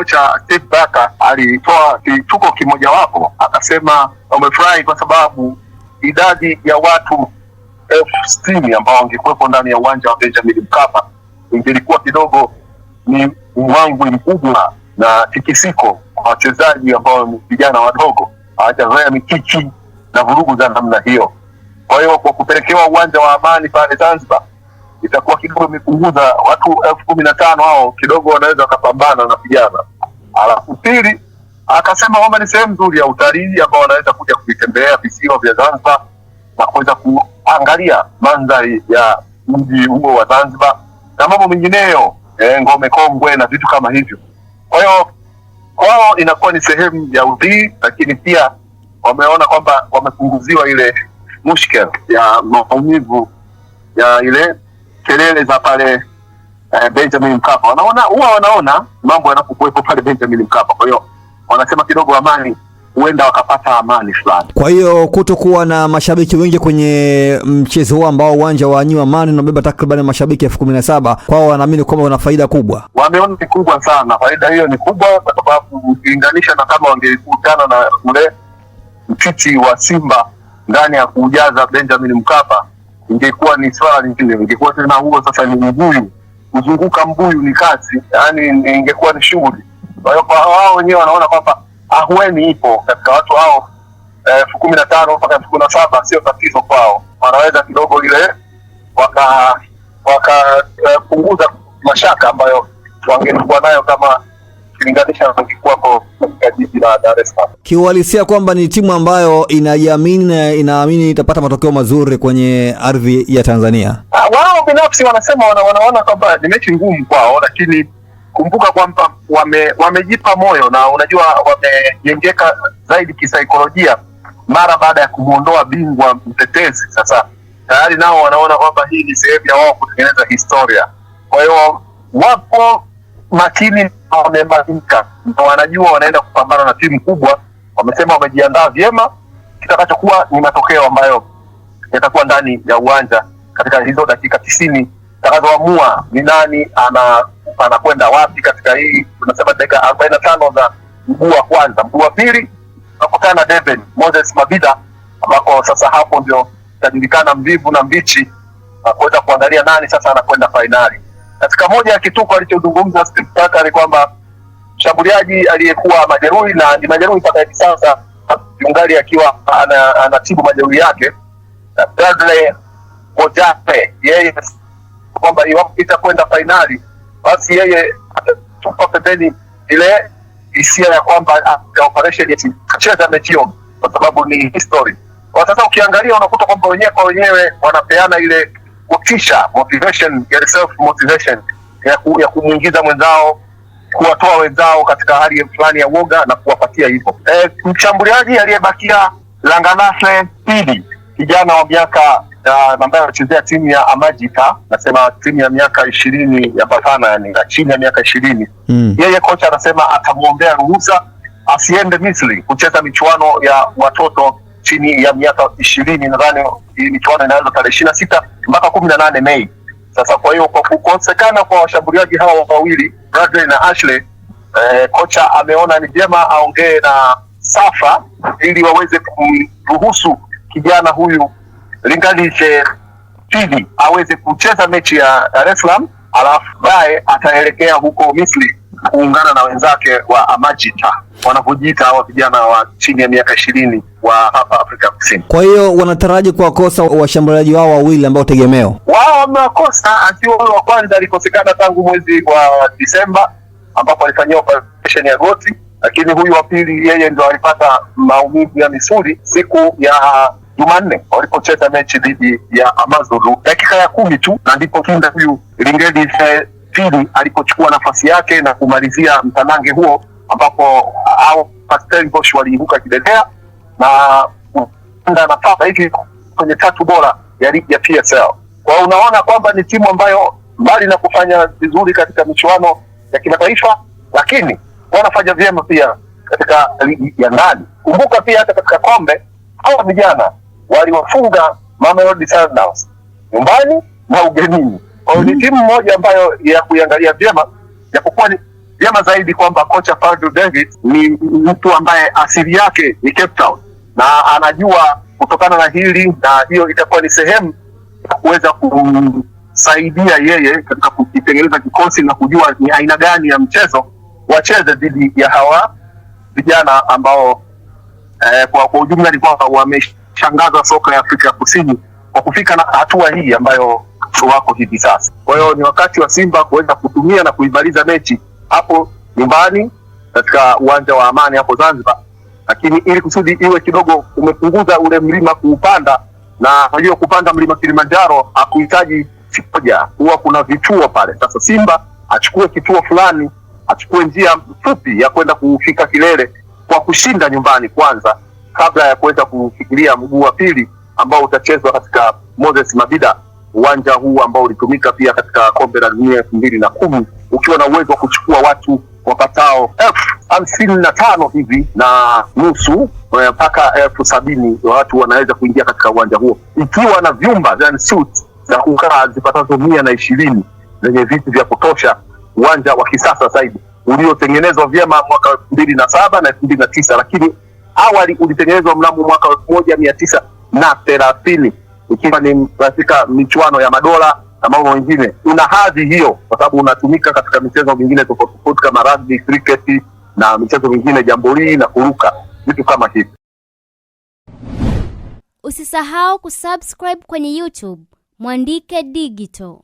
kocha Steve Barker alitoa kituko kimojawapo, akasema wamefurahi kwa sababu idadi ya watu elfu sitini ambao wangekuwepo ndani ya uwanja wa Benjamin Mkapa ingelikuwa kidogo ni mwangwi mkubwa na tikisiko kwa wachezaji ambao ni vijana wadogo, hawajazoea mikichi na vurugu za namna hiyo. Kwa hiyo kwa kupelekewa uwanja wa Amani pale Zanzibar itakuwa kidogo imepunguza watu elfu kumi na tano hao kidogo wanaweza wakapambana na vijana. Alafu pili akasema kwamba ni sehemu nzuri ya utalii ambao wanaweza kuja kuvitembelea visiwa vya Zanzibar na kuweza kuangalia mandhari ya mji huo wa Zanzibar na mambo mengineyo, eh, ngome kongwe na vitu kama hivyo. Kwa hiyo kwao inakuwa ni sehemu ya utalii, lakini pia wameona kwamba wamepunguziwa ile mushkeli ya maumivu ya ile kelele za pale eh, Benjamin Mkapa. Wanaona huwa wanaona mambo yanapokuwepo pale Benjamin Mkapa, kwa hiyo wanasema kidogo amani huenda wakapata amani fulani. Kwa hiyo kutokuwa na mashabiki wengi kwenye mchezo huu ambao uwanja wa New Amani unabeba takriban mashabiki elfu kumi na saba kwao, wanaamini kwamba una faida kubwa, wameona ni kubwa sana. Faida hiyo ni kubwa kwa sababu ukilinganisha na kama wangekutana na ule mchichi wa Simba ndani ya kuujaza Benjamin Mkapa, ingekuwa ni swala lingine, ingekuwa tena huo sasa ni mgumu kuzunguka mbuyu ni kazi, yani ingekuwa ni shughuli. Kwa hiyo wao wenyewe wanaona kwamba ahueni ipo katika watu hao elfu kumi na tano mpaka elfu kumi na saba sio tatizo kwao, wanaweza kidogo ile waka wakapunguza eh, uh, mashaka ambayo wangekuwa nayo kama kilinganisha wangekuwa katika eh, jiji la Dar es Salaam kiuhalisia kwamba ni timu ambayo inajiamini na inaamini itapata matokeo mazuri kwenye ardhi ya Tanzania. Ah, wao binafsi wanasema wanaona kwamba ni mechi ngumu kwao, lakini kumbuka kwamba wame, wamejipa moyo na unajua wamejengeka zaidi kisaikolojia mara baada ya kumwondoa bingwa mtetezi. Sasa tayari nao wanaona kwamba hii ni sehemu ya wao kutengeneza historia, kwa hiyo wapo makini na wamemanika na wanajua wanaenda kupambana na timu kubwa wamesema wamejiandaa vyema, kitakachokuwa ni matokeo ambayo yatakuwa ndani ya uwanja katika hizo dakika tisini takazoamua ni nani ana anakwenda wapi katika hii tunasema dakika arobaini na tano za mguu wa kwanza. Mguu wa pili unakutana na Deben Moses Mabida, ambako sasa hapo ndio itajulikana mbivu na mbichi kuweza kuangalia nani sasa anakwenda fainali. Katika moja ya kituko alichozungumza kwamba mshambuliaji aliyekuwa majeruhi na ni majeruhi mpaka hivi sasa, jungali akiwa anatibu ana majeruhi yake. Bradley Godare yeye kwamba iwapo itakwenda fainali, basi yeye atatupa pembeni ile hisia ya kwamba ah, operation yetu kacheza mechi hiyo, kwa sababu ni history. Kwa sasa ukiangalia unakuta kwamba wenyewe kwa wenyewe wanapeana ile motisha, motivation, yourself motivation ya kumuingiza mwenzao kuwatoa wenzao katika hali fulani ya woga na kuwapatia hivyo. E, mshambuliaji aliyebakia Langanase pili kijana wa miaka ambaye anachezea timu ya Amajika, nasema timu ya miaka ishirini ya Bafana, yani chini ya miaka ishirini mm. Yeye kocha anasema atamwombea ruhusa asiende Misri kucheza michuano ya watoto chini ya miaka ishirini. Nadhani hii michuano inaanza tarehe ishirini na sita mpaka kumi na nane Mei. Sasa kwa hiyo kwa kukosekana kwa washambuliaji hawa wawili Bradley na Ashley, eh, kocha ameona ni vyema aongee na Safa ili waweze kumruhusu kijana huyu Linganishe Fidi aweze kucheza mechi ya Dar es Salaam, alafu baadaye ataelekea huko Misri kuungana na wenzake wa Amajita wanavyojiita hawa vijana wa chini ya miaka ishirini wa hapa Afrika Kusini. Kwa hiyo wanataraji kuwakosa washambuliaji wao wawili ambao tegemeo wao wamewakosa, akiwa wa kwanza alikosekana tangu mwezi wa Disemba ambapo alifanyia operesheni ya goti, lakini huyu wa pili yeye ndo alipata maumivu ya misuli siku ya Jumanne walipocheza mechi dhidi ya Amazulu, dakika ya kumi tu, na ndipo kinda huyu Lingedi Fili alipochukua nafasi yake na kumalizia mtanange huo ambapo au Pastel waliibuka kidedea na Uganda na hivi kwenye tatu bora ya ligi ya PSL. Kwa hiyo unaona kwamba ni timu ambayo mbali na kufanya vizuri katika michuano ya kimataifa, lakini wanafanya vyema pia katika ligi ya ndani. Kumbuka pia hata katika kombe hawa vijana waliwafunga Mamelodi Sundowns nyumbani na ugenini. Kwa hiyo ni mm-hmm. timu moja ambayo ya kuiangalia vyema, japokuwa ni vyema zaidi kwamba kocha Fadlu Davids ni mtu ambaye asili yake ni Cape Town na anajua kutokana na hili, na hiyo itakuwa ni sehemu ya kuweza kumsaidia yeye katika kukitengeneza kikosi na kujua ni aina gani ya mchezo wacheze dhidi ya hawa vijana ambao eh, kwa, kwa ujumla ni kwamba wameshangaza soka ya Afrika ya Kusini kwa kufika na hatua hii ambayo wako hivi sasa. Kwa hiyo ni wakati wa Simba kuweza kutumia na kuimaliza mechi hapo nyumbani katika uwanja wa Amani hapo Zanzibar lakini ili kusudi iwe kidogo umepunguza ule mlima kuupanda, na hiyo kupanda mlima Kilimanjaro hakuhitaji moja, huwa kuna vituo pale. Sasa Simba achukue kituo fulani, achukue njia fupi ya kwenda kufika kilele kwa kushinda nyumbani kwanza, kabla ya kuweza kufikiria mguu wa pili ambao utachezwa katika Moses Mabida, uwanja huu ambao ulitumika pia katika kombe la dunia elfu mbili na kumi ukiwa na uwezo wa kuchukua watu wapatao elfu hamsini na tano hivi na nusu eh, mpaka elfu sabini watu wanaweza kuingia katika uwanja huo, ikiwa na vyumba vya za kukaa zipatazo mia na ishirini zenye viti vya kutosha, uwanja wa kisasa zaidi uliotengenezwa vyema mwaka elfu mbili na saba na elfu mbili na tisa lakini awali ulitengenezwa mnamo mwaka elfu moja mia tisa na thelathini ikiwa ni katika michuano ya madola na mambo mengine, una hadhi hiyo, kwa sababu unatumika katika michezo mingine tofauti tofauti kama rugby, cricket na michezo mingine, jambolii na kuruka, vitu kama hivi. Usisahau kusubscribe kwenye YouTube Mwandike Digital.